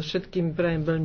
všetkým prajem veľmi